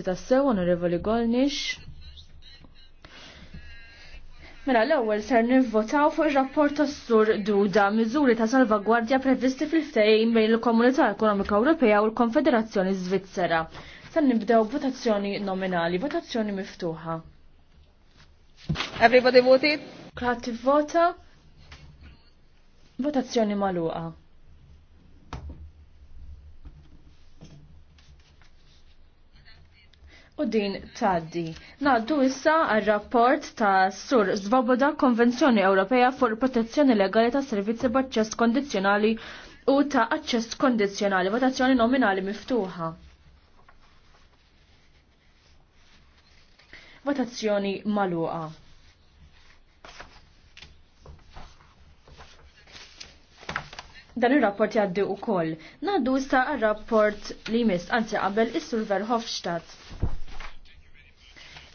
Tassew, onorevoli Golnish. Mela l-ewwel ser nivvotaw fuq ir-rapport tas-Sur Duda miżuri ta' salvagwardja previsti fil-ftehim bejn il-Komunità Ekonomika Ewropea u l-Konfederazzjoni Svizzera. Ser nibdew votazzjoni nominali, votazzjoni miftuħa. Everybody voted? Krat vota. Votazzjoni magħluqa. U din taddi. Naddu issa għal rapport ta' Sur Zvoboda Konvenzjoni Ewropea fuq protezzjoni legali ta' servizzi b'aċċess kondizzjonali u ta' aċċess kondizzjonali, votazzjoni nominali miftuħa. Votazzjoni maluqa. dan il-rapport jaddi u koll. Naddu għal rapport li mis, anzi qabel is-Sur Verhofstadt.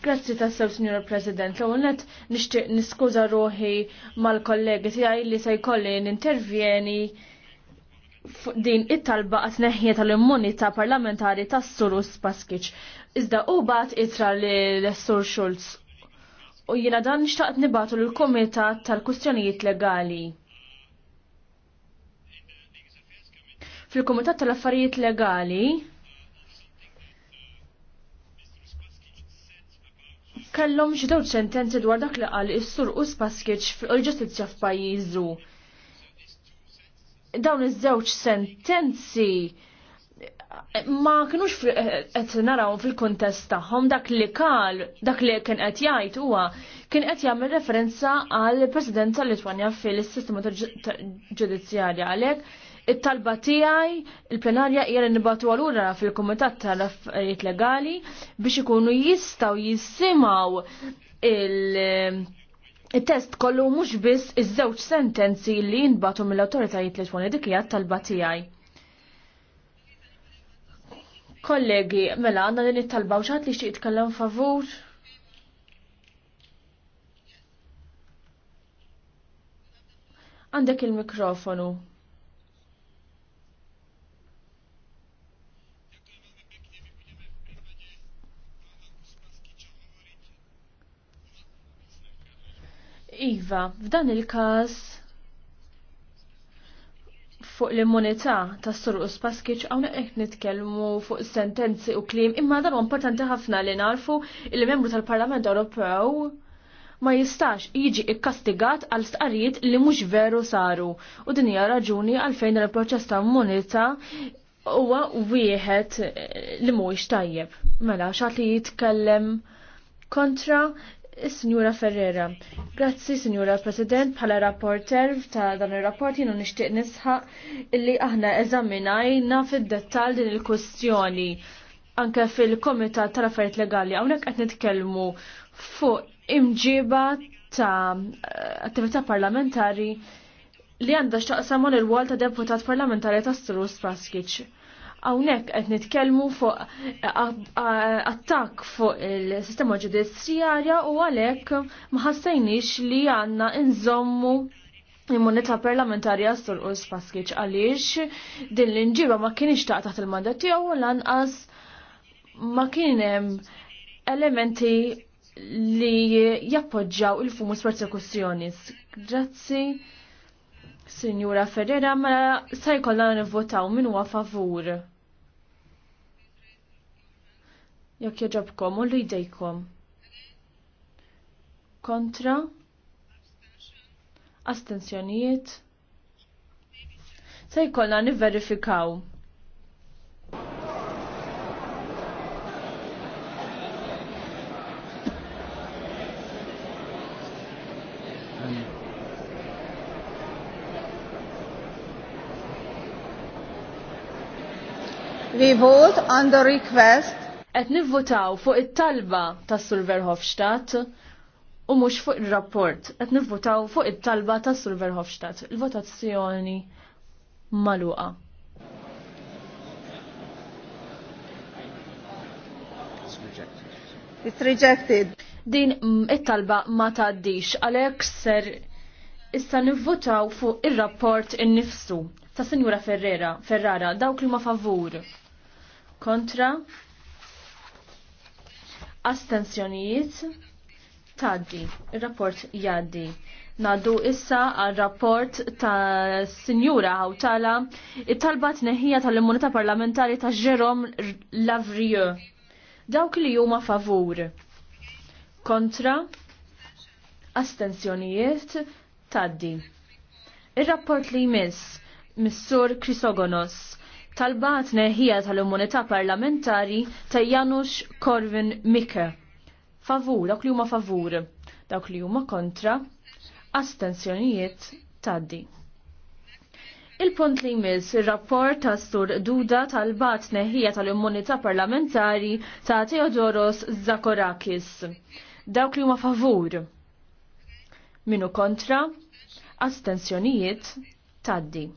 Grazzi tas-sew Signora President. L-għu net nishtiq niskuza ruħi mal-kollegi tijaj li se jkolli intervjeni din it-talba għat neħje tal-immunità parlamentari tas surus Spaskic. Iżda u bat itra li l-Sur Schulz. U jina dan nishtaqt nibatu l-Komitat tal-Kustjonijiet Legali. Fil-Komitat tal-Affarijiet Legali, kellhom x'dew sentenzi dwar dak li qal is-sur Uspaskic fil-ġustizzja f'pajjiżu. Dawn iż-żewġ sentenzi ma kinux qed naraw fil-kuntest tagħhom dak li kal, dak li kien qed jgħid huwa kien qed jagħmel referenza għal President tal-Litwanja fil-sistema ġudizzjarja għalhekk it-talba tiegħi il-plenarja hija li nibatu għalura fil-Kumitat tal-Affarijiet Legali biex ikunu jistgħu jissimaw il- Il-test kollu mhux biss iż-żewġ sentenzi li jinbatu mill-awtoritajiet Litwani dik hija talba tiegħi. Kollegi, mela għandna din it-talba u xaħat li xtieq jitkellem favur? Għandek il-mikrofonu. Iva, f'dan il-każ fuq l-immunità ta' Sorqus Paskiċ hawnhekk qed nitkellmu fuq sentenzi u klim, imma dan importanti ħafna li narfu il-membru tal-Parlament Ewropew ma jistax jiġi ikkastigat għal stqarrijiet li mhux veru saru. U din hija raġuni għalfejn il-proċess ta' immunità huwa wieħed li mhuwiex tajjeb. Mela xagħti jitkellem kontra Signora Ferrera, grazzi Signora President, bħala rapporter ta' dan il-rapport jienu nishtiq nisħa illi aħna eżaminajna fid-dettal din il-kwestjoni anke fil-Komitat tal-Affarijiet Legali hawnhekk qed nitkellmu fuq imġiba ta' attività parlamentari li għandha x'taqsam il-wol ta' deputat parlamentari ta' Stilu Paskic. Hawnhekk qed nitkellmu fuq attakk fuq il-sistema ġudizzjarja u għalhekk ma ħassejniex li għandna inżommu immunita parlamentarja sur u spaskiċ għaliex din l-inġiba ma kienix taq taħt il-mandat tiegħu lanqas ma kien hemm elementi li jappoġġaw il-fumus persekuzzjonis. Grazzi. Signora Ferrera, ma sa jkollna nivvotaw min huwa favur. Jekk joġobkom u li jdejkom. Kontra? Astenzjonijiet? Se jkollna nivverifikaw. We vote on the request. Et nivvotaw fuq it-talba ta' Sur Verhofstadt u mhux fuq ir-rapport. Et nivvotaw fuq it-talba ta' Sur Verhofstadt. Il-votazzjoni maluqa. It's rejected. Din it-talba ma tgħaddix għalhekk ser issa nivvotaw fuq ir-rapport innifsu ta' Sinjura Ferrera, Ferrara, dawk li ma favur kontra astensjonijiet taddi, il-rapport jaddi. Naddu issa għal rapport ta' Sinjura Hawtala it-talba neħija tal immunita parlamentari ta' Jerome Lavrieu. Dawk li huma favur. Kontra astensjonijiet taddi. Il-rapport li jmiss Missur Krisogonos tal Talba tneħħija tal-immunità parlamentari ta' Janusz Korvin Mikke. Favur, dawk li huma favur, dawk li huma kontra, astensjonijiet taddi. Il-punt li jmiss il-rapport ta' Sur Duda tal-bat neħija tal-immunità parlamentari ta' Teodoros Zakorakis. Dawk li huma favur. Minu kontra, astensjonijiet taddi.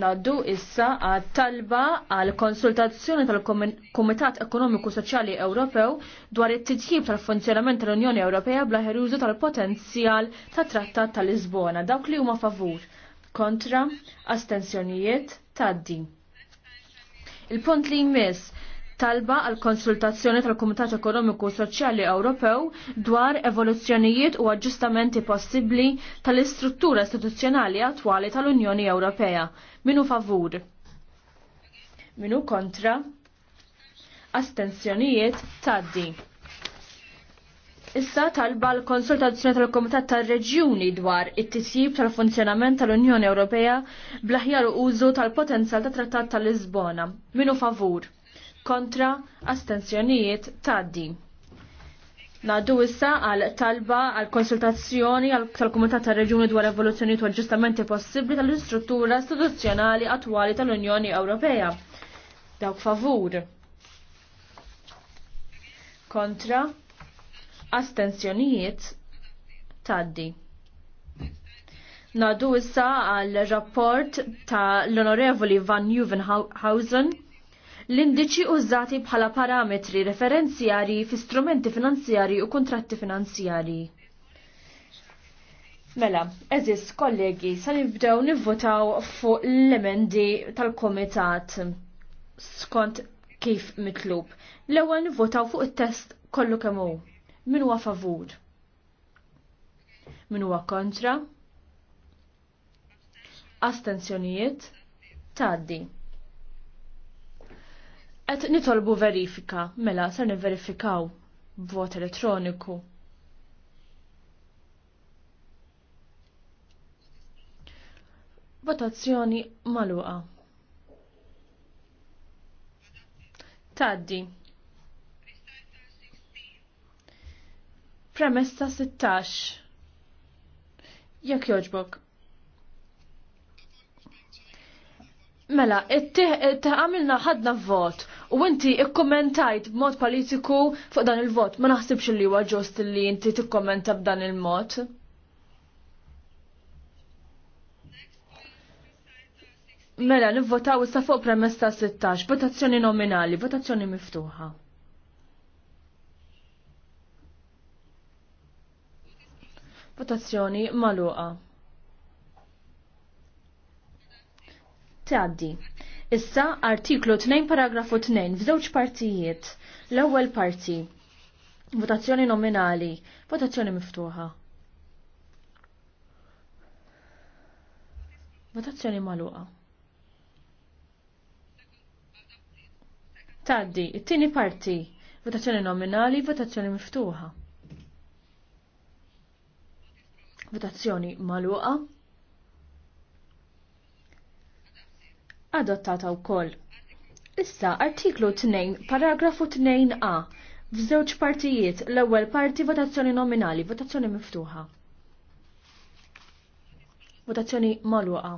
Naddu issa għat talba għal konsultazzjoni tal-Komitat Ekonomiku Soċjali Ewropew dwar it-titjib tal-funzjonament tal-Unjoni Ewropea bla ħeruzu tal-potenzjal ta' trattat tal-Lisbona. Dawk li huma favur kontra astensjonijiet taddi. Il-punt li jmiss talba għal konsultazzjoni tal-Kumitat Ekonomiku Soċjali Ewropew dwar evoluzzjonijiet u aġġustamenti possibbli tal-istruttura istituzzjonali attwali tal-Unjoni Ewropea. Minu favur? Minu kontra? Astenzjonijiet taddi. Issa talba l-konsultazzjoni tal-Komitat tal-Reġjuni dwar it-tisjib tal-funzjonament tal-Unjoni Ewropea bl-aħjar użu tal-potenzjal tat trattat tal-Lisbona. Minu favur? kontra astenzjonijiet taddi. Naddu issa għal talba għal konsultazzjoni tal-Kumitat tar reġuni dwar evoluzzjoni u aġġustamenti possibbli tal-istruttura istituzzjonali attwali tal-Unjoni Ewropea. Dawk favur. Kontra astenzjonijiet taddi. Naddu issa għal rapport ta' l-Onorevoli Van Juvenhausen l-indiċi użati bħala parametri referenzjari fi strumenti finanzjari u kontratti finanzjari. Mela, eżis kollegi, sa nibdew nivvotaw fuq l-emendi tal-komitat skont kif mitlub. L-ewwel nivvotaw fuq it-test kollu kemm hu. Min huwa favur? Min huwa kontra? Astenzjonijiet? Taddi. Qed nitolbu verifika, mela ser nivverifikaw b'vot elettroniku. Votazzjoni maluqa. Taddi. Premessa 16. Jekk joġbok. Mela, it-taħamilna ħadna vot U inti ikkommentajt b'mod politiku fuq dan il-vot. Ma naħsibx li huwa ġost li inti tikkommenta b'dan il-mod. Mela, nivvotaw issa fuq premess 16, votazzjoni nominali, votazzjoni miftuħa. Votazzjoni maluqa. Taddi. Issa artiklu 2 paragrafu 2 f'żewġ partijiet. L-ewwel parti. Votazzjoni nominali. Votazzjoni miftuħa. Votazzjoni maluqa. Taddi, it-tieni parti. Votazzjoni nominali, votazzjoni miftuħa. Votazzjoni maluqa. adottata wkoll. Issa artiklu 2 paragrafu 2a f'żewġ partijiet l-ewwel parti votazzjoni nominali, votazzjoni miftuħa. Votazzjoni magħluqa.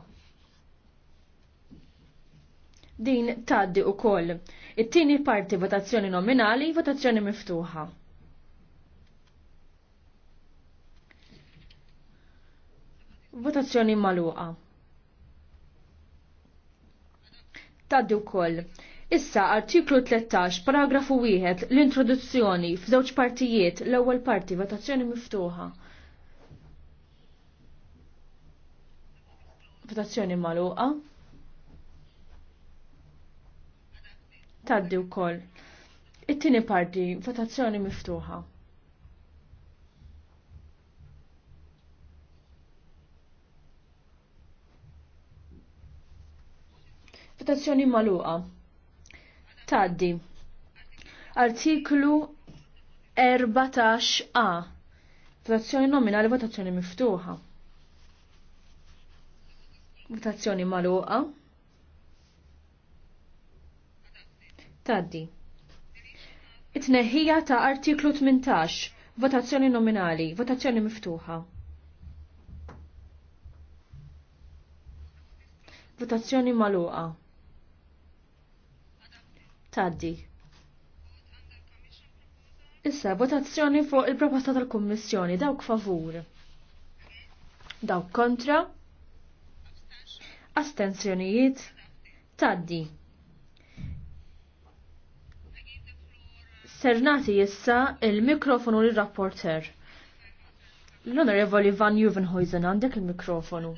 Din taddi ukoll. It-tieni parti votazzjoni nominali, votazzjoni miftuħa. Votazzjoni magħluqa. taddi wkoll. Issa artiklu 13 paragrafu 1 l-introduzzjoni f'żewġ partijiet l-ewwel parti votazzjoni miftuħa. Votazzjoni magħluqa. Taddi wkoll. It-tieni parti votazzjoni miftuħa. votazzjoni maluqa. Taddi. Artiklu 14a. Votazzjoni nominali, votazzjoni miftuħa. Votazzjoni maluqa. Taddi. It-neħija ta' artiklu 18. Votazzjoni nominali, votazzjoni miftuħa. votazzjoni maluqa taddi. Issa, votazzjoni fuq il-proposta tal-Kommissjoni, dawk favur. Dawk kontra. Astenzjonijiet. Taddi. Sernati jissa il-mikrofonu l-rapporter. L-onorevoli Van Juvenhuizen għandek il-mikrofonu.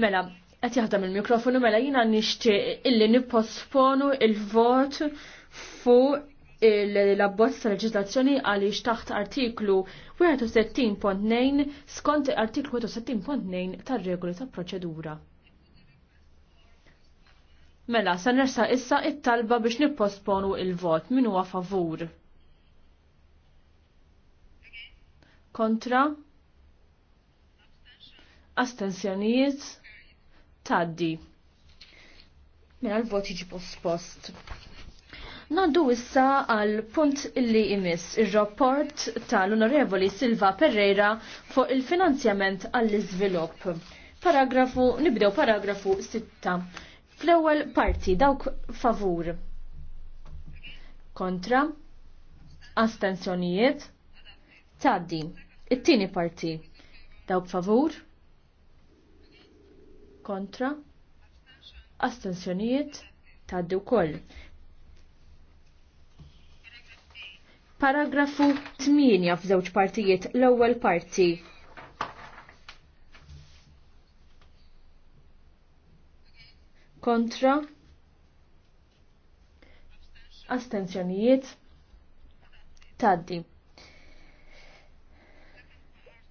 Mela, qed jaħdem il-mikrofonu mela jiena nixtieq illi nipposponu il-vot fuq l-abbozz ta' leġislazzjoni għaliex taħt artiklu 61.2 skont artiklu 61.2 tar-regoli ta' proċedura. Mela, sa nersa issa it-talba biex nipposponu il-vot min huwa favur. Kontra? Astensjonijiet? taddi. Mela l-vot jiġi post-post. Nandu issa għal punt illi imis il-rapport tal-Onorevoli Silva Pereira fuq il-finanzjament għall-izvilupp. Paragrafu, nibdew paragrafu 6. Fl-ewwel parti dawk favur. Kontra. Astenzjonijiet. Taddi. It-tieni parti. Dawk favur kontra, astensjonijiet taddi wkoll. Paragrafu 8 f'żewġ partijiet l-ewwel parti. Kontra astenzjonijiet taddi.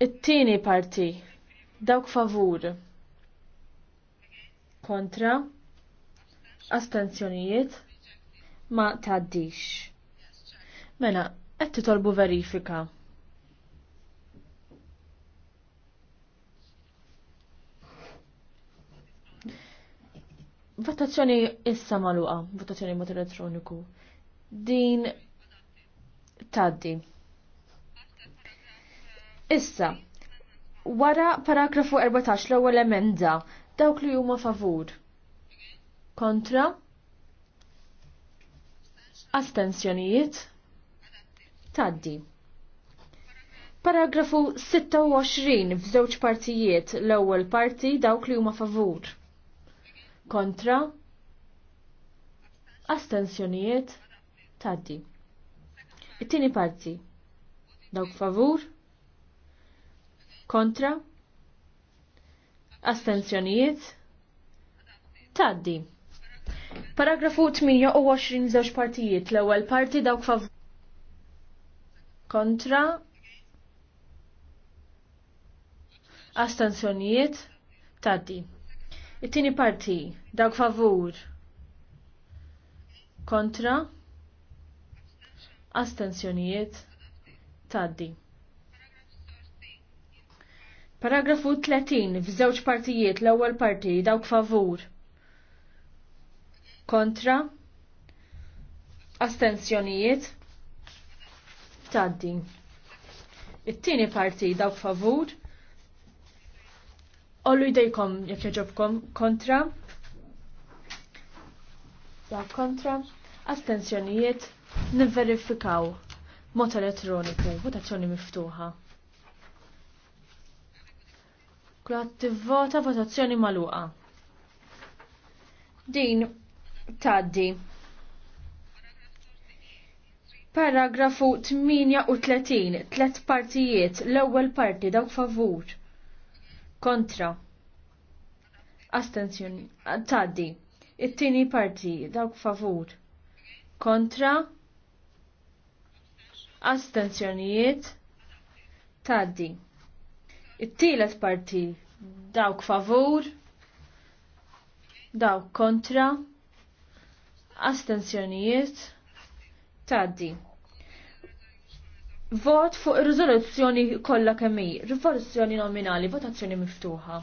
It-tieni parti dawk favur kontra astenzjonijiet ma taddix. Mela, qed titolbu verifika. Votazzjoni issa maluqa, votazzjoni mod elettroniku. Din taddi. Issa, wara paragrafu 14 l-ewwel emenda Dawk li huma favur. Kontra. Astenzjonijiet. Taddi. Paragrafu 26 f'żewġ partijiet l-ewwel parti dawk li huma favur. Kontra. Astenzjonijiet. Taddi. It-tieni parti. Dawk favur. Kontra. Astenzjonijiet? Taddi. Paragrafu 28 żewġ partijiet. L-ewwel parti dawk fav kontra Astenzjonijiet? taddi. It-tieni parti dawk favur kontra Astenzjonijiet? taddi. Paragrafu 30 f'żewġ partijiet l-ewwel parti dawk favur. Kontra. Astenzjonijiet. Taddi. It-tieni parti dawk favur. Ollu jdejkom jekk jaġobkom kontra. Dawk kontra. Astenzjonijiet. Nivverifikaw. Mod elettroniku. Votazzjoni miftuħa t tivvota votazzjoni magħluqa. Din tgħaddi. Paragrafu 38, tlet partijiet, l-ewwel parti dawk favur. Kontra. Astenzjoni. Tgħaddi. It-tieni parti dawk favur. Kontra. Astenzjonijiet. Tgħaddi. It-tielet parti dawk favur, dawk kontra, astensjonijiet, taddi. Vot fuq ir-riżoluzzjoni kollha kemm hi, rivoluzzjoni nominali, votazzjoni miftuħa.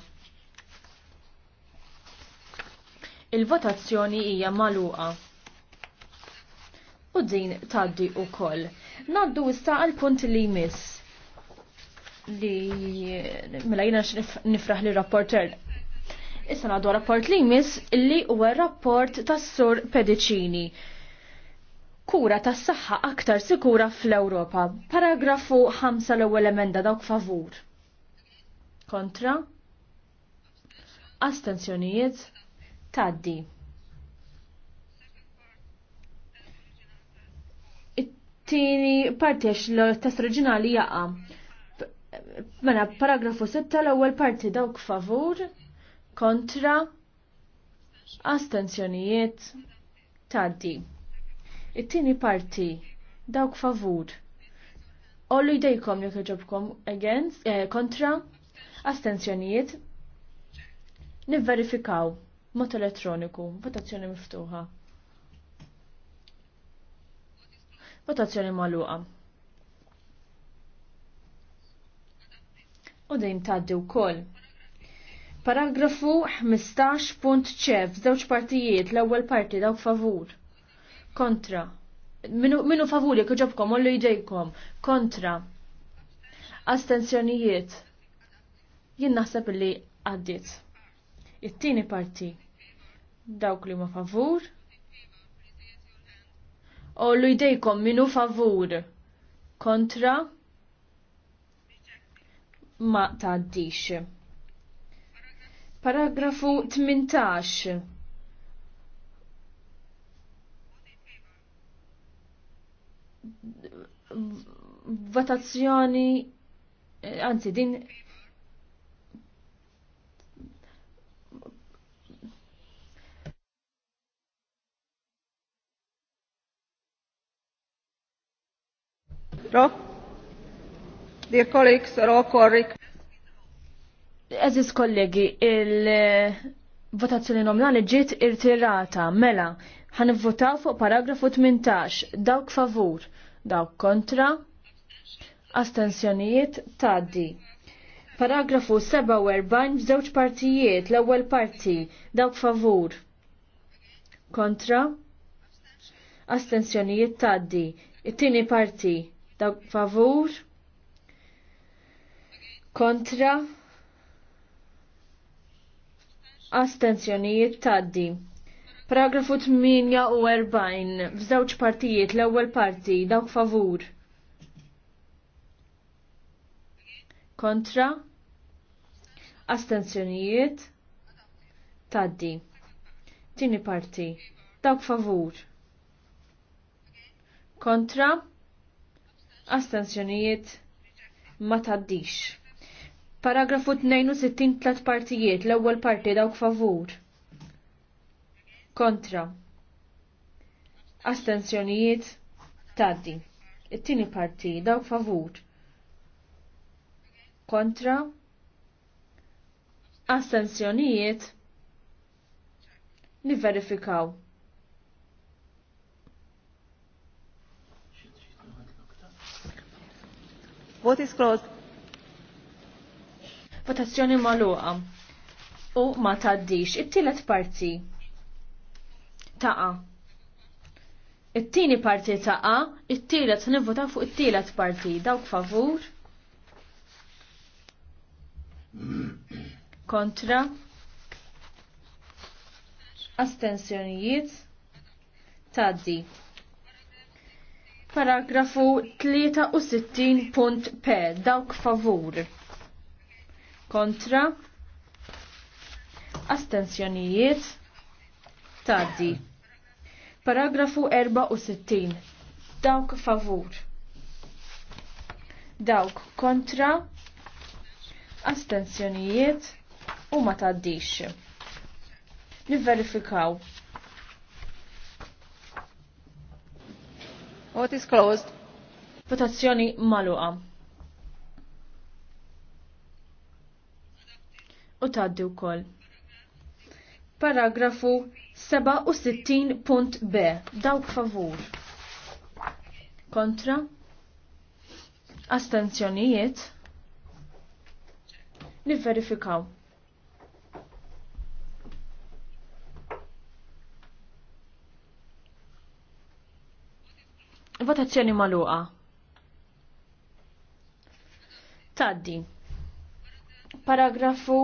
Il-votazzjoni hija magħluqa. U din taddi ukoll. Naddu issa għal punt li jmiss li mela jina nifraħ li rapporter. Issa għadu rapport li jmiss li huwa rapport tas-sur Pedicini. Kura tas saħħa aktar sikura fl-Ewropa. Paragrafu 5 l-ewwel emenda dawk favur. Kontra? Astenzjonijiet? Taddi. It-tieni partiex l-test reġinali jaqa' Mela, paragrafu 6 l-ewwel parti dawk favur, kontra, astenzjonijiet, taddi. It-tieni parti dawk favur. Ollu jdejkom jekk iġobkom against, eh, kontra, astenzjonijiet. Nivverifikaw mod elettroniku, votazzjoni miftuħa. Votazzjoni magħluqa. u dejjem tgħaddi wkoll. Paragrafu 15.c żewġ partijiet l-ewwel parti dawk favur. Kontra. Minu, minu favur jekk ġobkom ollu jdejkom. Kontra. Astenzjonijiet. Jien naħseb li għaddiet. It-tieni parti. Dawk li ma favur. Ollu jdejkom minu favur. Kontra ma taddix. Paragrafu 18. Votazzjoni, eh, anzi din Rock Dear colleagues, roll call Eżis kollegi, il-votazzjoni nominali ġiet irtirata, mela, ħan votaw fuq paragrafu 18, dawk favur, dawk kontra, astensjonijiet taddi. Paragrafu 47 f'żewġ partijiet, l-ewwel parti, dawk favur, kontra, astensjonijiet taddi. It-tieni parti, dawk favur, kontra astenzjonijiet taddi. Paragrafu 48 f'żewġ partijiet l-ewwel parti dawk favur. Kontra astenzjonijiet taddi. Tini parti dawk favur. Kontra astenzjonijiet ma taddix. Paragrafu 62 tlat partijiet, l-ewwel parti dawk favur. Kontra. Astenzjonijiet taddi. It-tieni parti dawk favur. Kontra. Astenzjonijiet niverifikaw. Vot is closed? Votazzjoni magħluqa. U ma taddix. It-tielet parti. Taqa. It-tieni parti taqa, it-tielet nivvota fuq it-tielet parti. Dawk favur. Kontra. Astensjonijiet. Taddi paragrafu 63.p dawk favur kontra astensjonijiet taddi. Paragrafu 64 dawk favur dawk kontra astensjonijiet u ma taddix. Nivverifikaw. what is closed. Votazzjoni maluqa. u taddi wkoll. Paragrafu 67.b dawk favur. Kontra? Astenzjonijiet? Nivverifikaw. Votazzjoni maluqa. Taddi paragrafu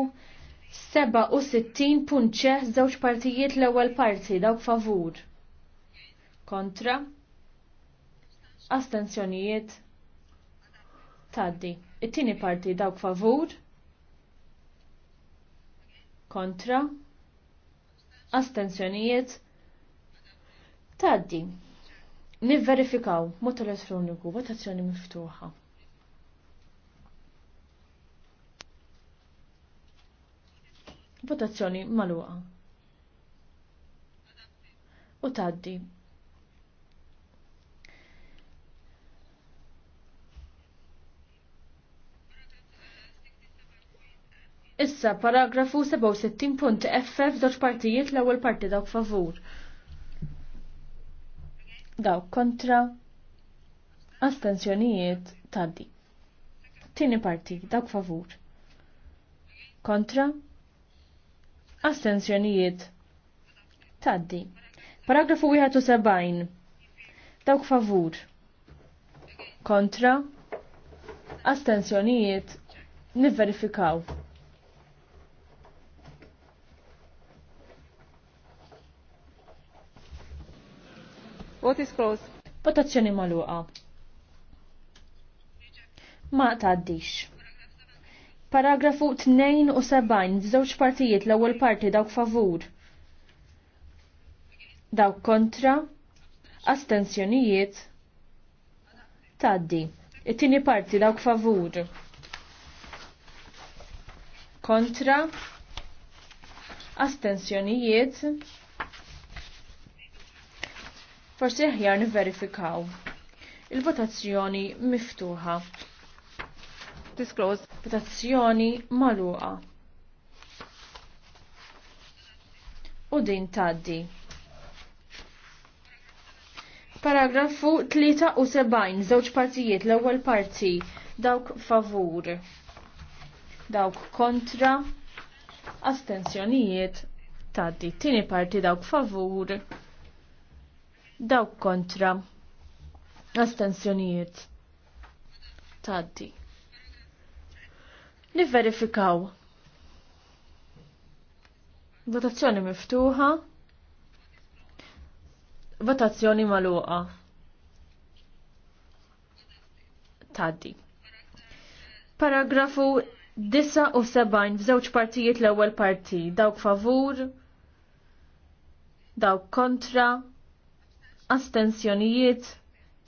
67 punċe żewġ partijiet l-ewwel parti dawk favur. Kontra. Astenzjonijiet. Taddi. It-tieni parti dawk favur. Kontra. Astenzjonijiet. Taddi. Nivverifikaw mod elettroniku votazzjoni miftuħa. Votazzjoni maluqa. U taddi. Issa paragrafu 67 punt FF f'żewġ partijiet l-ewwel parti dawk favur. Dawk kontra Astenzjonijiet taddi. Tieni parti dawk favur. Kontra Astenzjonijiet. Taddi. Paragrafu 71. Dawk favur. Kontra. Astenzjonijiet. Nivverifikaw. What is close? Votazzjoni maluqa. Ma taddix. Paragrafu 72, żewġ partijiet l-ewwel parti dawk favur. Dawk kontra, astensjonijiet, taddi. It-tieni parti dawk favur. Kontra, astensjonijiet, forsi aħjar niverifikaw. Il-votazzjoni miftuħa disclose protezzjoni closed. Votazzjoni U din taddi. Paragrafu 73, żewġ partijiet, l-ewwel parti, dawk favur, dawk kontra, astensjonijiet, taddi. Tini parti dawk favur, dawk kontra, astensjonijiet, taddi. Niverifikaw. Votazzjoni miftuħa. Votazzjoni maluqa. Taddi. Paragrafu 79 f'żewġ partijiet l-ewwel parti. Dawk favur, dawk kontra, astensjonijiet,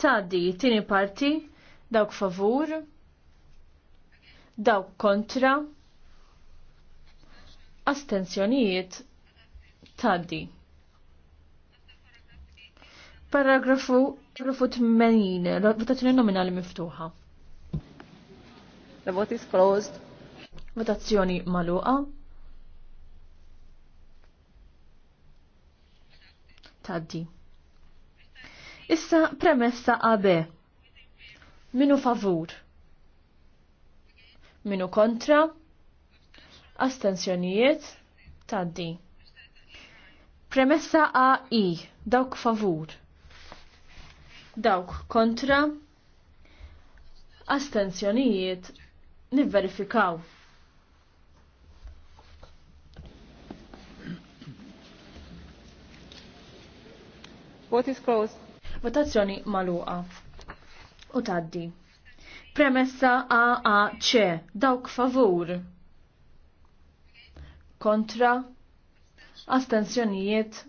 taddi, tini parti, dawk favur, Dawk kontra. Astenzjonijiet taddi. Paragrafu, paragrafu 80, votazzjoni nominali miftuħa. The vote is closed. Votazzjoni maluqa. Taddi. Issa premessa AB. Minu favur. Minu kontra? Astensjonijiet? Taddi. Premessa AI. Dawk favur. Dawk kontra? Astensjonijiet? Nivverifikaw. What is closed? Votazzjoni maluqa. U taddi. Premessa AAC, dawk favur. Kontra, astensjonijiet.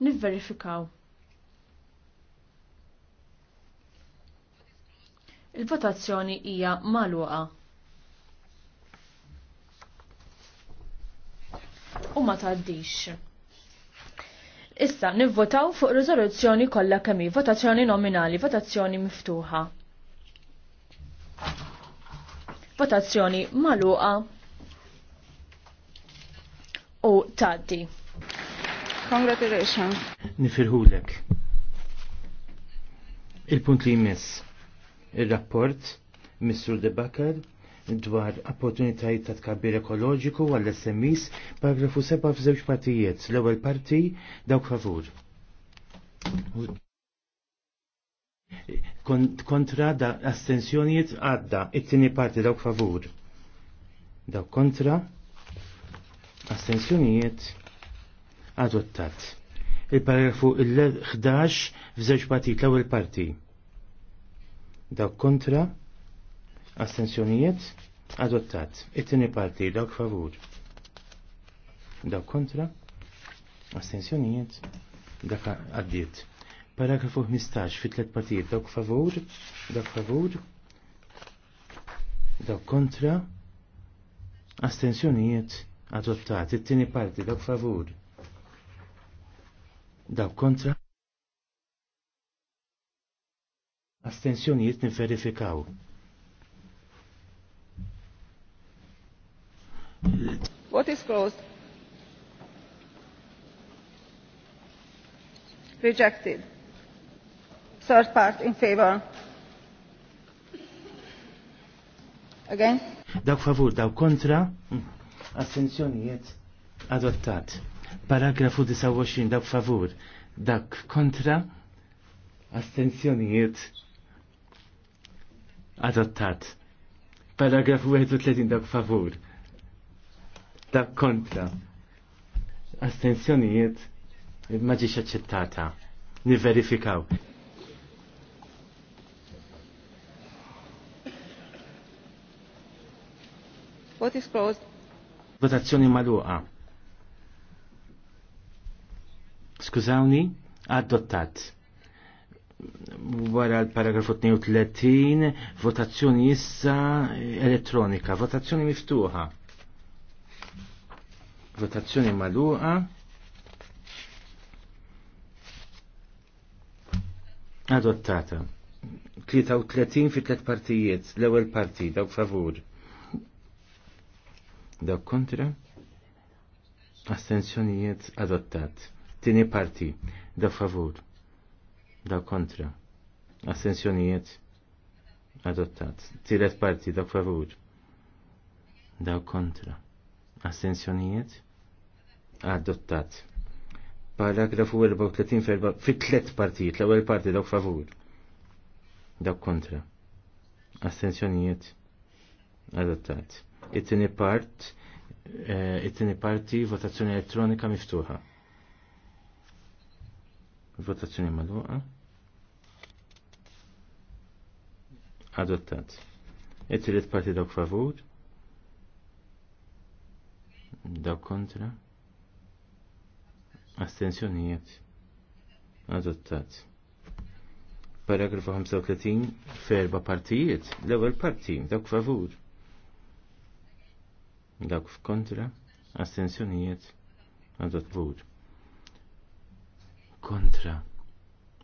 Nivverifikaw. Il-votazzjoni hija maluqa. u ma taddix. Issa nivvotaw fuq riżoluzzjoni kollha kemm votazzjoni nominali, votazzjoni miftuħa. Votazzjoni maluqa u taddi. Congratulations. Nifirħulek. Il-punt li jmiss. Il-rapport, Mr. De Bakker, dwar opportunitajiet ta' tkabbir ekoloġiku għall smis paragrafu 7 f'żewġ partijiet. L-ewwel parti dawk favur. Kontra da astensjonijiet għadda, it-tieni parti dawk favur. Dawk kontra astensjonijiet adottat. Il-paragrafu 11 f'żewġ partijiet l-ewwel parti. Dawk kontra Astensjonijiet Adottat. It-tieni parti dawk favur. Dawk kontra. Astensjonijiet? Dak għaddiet. Paragrafu 15 fit tliet partijiet dawk favur, dawk favur, dawk kontra. astensjonijiet adottat. It-tieni parti dawk favur. Dawk kontra. Astenzjonijiet niverifikaw. is closed? Rejected. Third part in favor. Again? dak favur, dawk kontra, mm. assenzjonijiet adottat. Paragrafu 29, dak favur, dak kontra, astenzjonijiet adottat. Paragrafu 31, dak favur, ta' kontra astenzjonijiet ma ġiex aċċettata. Niverifikaw. What is closed? Votazzjoni maluqa. Skużawni, adottat. Wara l-paragrafu 32, votazzjoni issa eh, elettronika, votazzjoni miftuħa. Votazzjoni maluqa. Adottata. 33 fi 3 partijiet, l-ewwel parti, dawk favur. Dawk kontra. Astenzjonijiet adottat. Tini parti, dawk favur. Dawk kontra. Astenzjonijiet adottat. Tiret parti, dawk favur. Dawk kontra. Astenzjonijiet adottat. Paragrafu 34 fi' tlet partijiet, l-ewwel parti dawk favur. Dawk kontra. Astenzjonijiet adottat. It-tieni part eh, it-tieni parti votazzjoni elettronika miftuħa. Votazzjoni magħluqa. Adottat. It-tielet parti dawk favur. Dawk kontra astensjonijiet adottat. Paragrafu 35 ferba partijiet, l-ewwel parti dawk favur. Dawk f'kontra, astensjonijiet adottat. Kontra,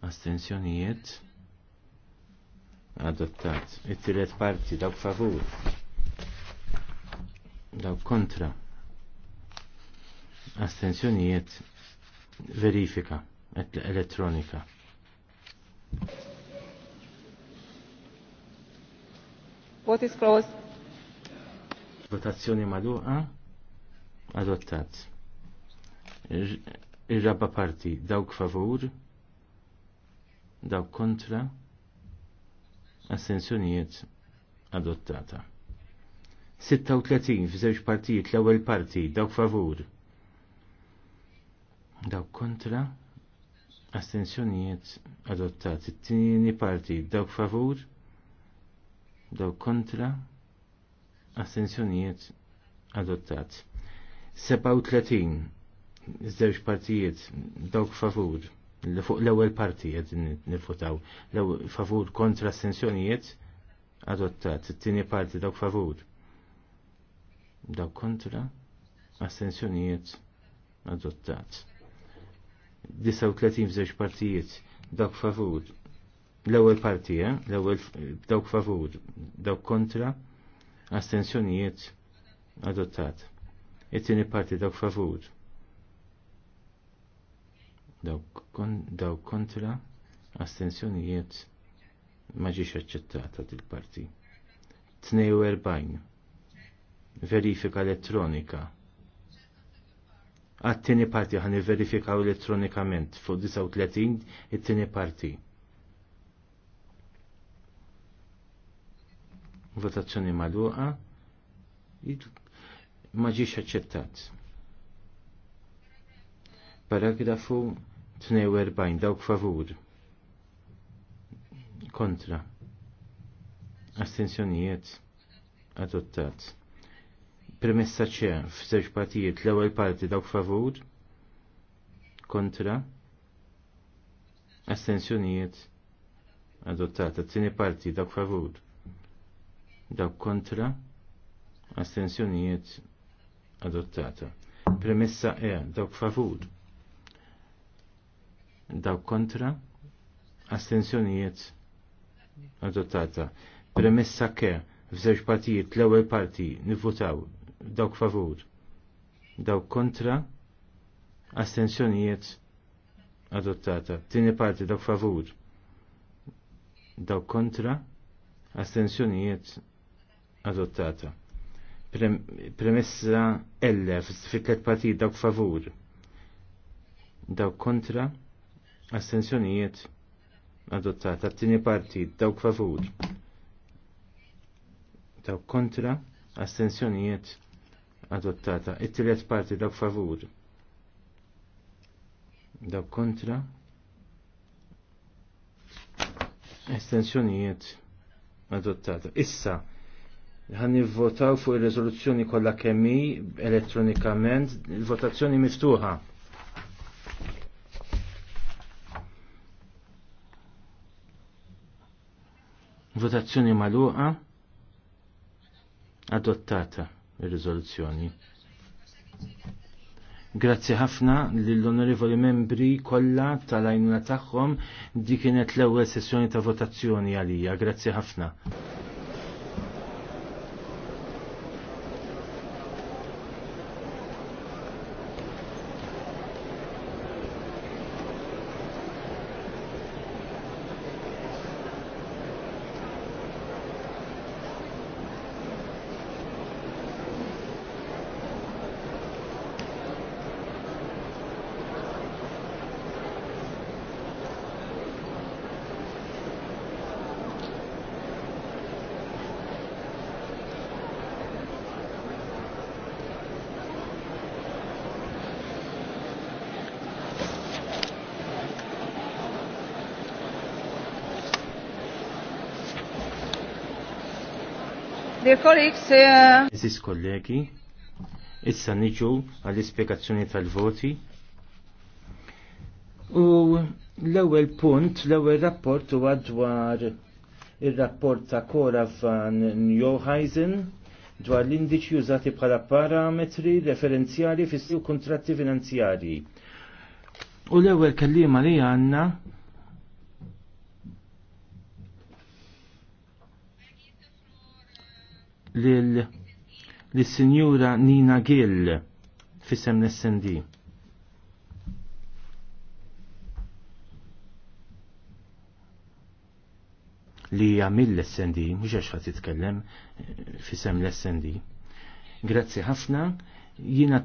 astensjonijiet adottat. it tiret parti dawk favur. Dawk kontra, astensjonijiet verifika elettronika. What is closed. Votazzjoni maluqa adottat. Ir-raba parti dawk favur, dawk kontra, assenzjonijiet adottata. 36 f'żewġ partijiet l-ewwel parti dawk favur, Dawk kontra astensjonijiet adottati. Tieni parti dawk favur, dawk kontra astensjonijiet adottat. 37 żewġ partijiet dawk favur fuq l-ewwel parti qed nifutaw favur kontra astensjonijiet adottat. It-tieni parti dawk favur. Dawk kontra astensjonijiet adottat. 39 f'żewġ partijiet dawk favur. L-ewwel parti, eh? L-ewwel dawk favur, dawk kontra, astensjonijiet adottat. It-tieni parti dawk favur. Dawk, kon, dawk kontra, astensjonijiet ma ġiex aċċettata il parti 42. Verifika elettronika. Għat-tieni parti ħan verifikaw elettronikament fuq 39 it-tieni parti. Votazzjoni magħluqa ma ġiex aċċettat. Paragrafu 42 dawk favur. Kontra. Astensjonijiet adottat. Premessa ċe f'żewġ partijiet l-ewwel parti dawk favur kontra astensjonijiet adottata. T-tieni parti dawk favur dawk kontra astensjonijiet adottata. Premessa E dawk favur dawk kontra astensjonijiet adottata. Premessa ke f'żewġ partijiet l-ewwel parti nivvutaw dawk favur, dawk kontra, astensjonijiet adottata. Tini parti dawk favur, dawk kontra, astensjonijiet adottata. Prem premessa L fit-tlet parti dawk favur, dawk kontra, astensjonijiet adottata. Tini parti dawk favur, dawk kontra, astensjonijiet adottata. It-tiliet parti da favur. Dawk kontra. Estensjonijiet adottata. Issa, ħan votaw fuq il-rezoluzzjoni kollha kemmi elettronikament, il-votazzjoni miftuħa. Votazzjoni maluqa adottata ir-riżoluzzjoni. Grazzi ħafna lill-onorevoli membri kollha tal-għajnuna tagħhom di kienet l-ewwel sessjoni ta' votazzjoni għalija. Grazzi ħafna. Dear colleagues, eh, Eżis kollegi, issa niġu għall-ispiegazzjoni tal-voti. U l-ewwel punt, l-ewwel rapport huwa dwar ir-rapport ta' Kora van Njoheisen dwar l-indiċi użati bħala parametri referenzjali fis-siju kontratti finanzjarji. U l-ewwel kelliema li għandna l-Sinjura Nina Gill fissem l-SND. li għamil l-SND, mux għax titkellem eh, fissem l-SND. Grazzi ħafna, jina